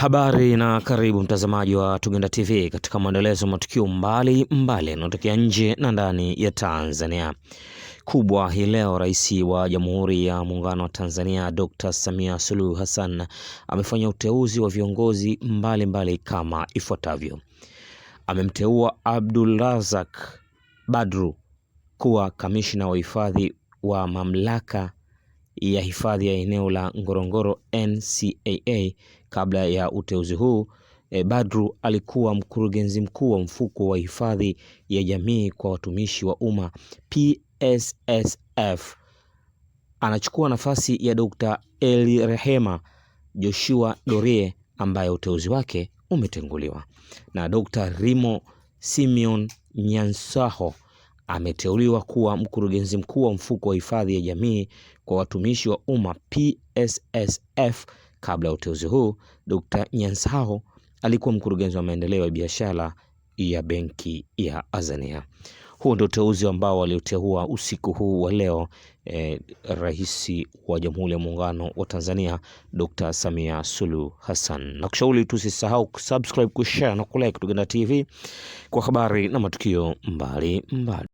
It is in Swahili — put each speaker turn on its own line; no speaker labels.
Habari na karibu mtazamaji wa Tugenda TV katika mwendelezo wa matukio mbali mbali yanayotokea nje na ndani ya Tanzania. Kubwa hii leo, Rais wa Jamhuri ya Muungano wa Tanzania Dr. Samia Suluhu Hassan amefanya uteuzi wa viongozi mbalimbali mbali kama ifuatavyo. Amemteua Abdul Razak Badru kuwa kamishna wa hifadhi wa mamlaka ya hifadhi ya eneo la Ngorongoro NCAA. Kabla ya uteuzi huu e, Badru alikuwa mkurugenzi mkuu wa mfuko wa hifadhi ya jamii kwa watumishi wa umma PSSF. Anachukua nafasi ya Dr. Eli Rehema Joshua Dorie ambaye uteuzi wake umetenguliwa na Dr. Rimo Simeon Nyansaho ameteuliwa kuwa mkurugenzi mkuu wa mfuko wa hifadhi ya jamii kwa watumishi wa umma PSSF. Kabla ya uteuzi huu, d Nyansao alikuwa mkurugenzi wa maendeleo ya biashara ya benki ya Azania. Huo ndio uteuzi ambao walioteua usiku huu wa leo eh, Rais wa Jamhuri ya Muungano wa Tanzania d Samia Suluhu Hassan. Na kushauri tusisahau kusubscribe, kushare na kulike Tugenda TV kwa habari na matukio mbali mbali.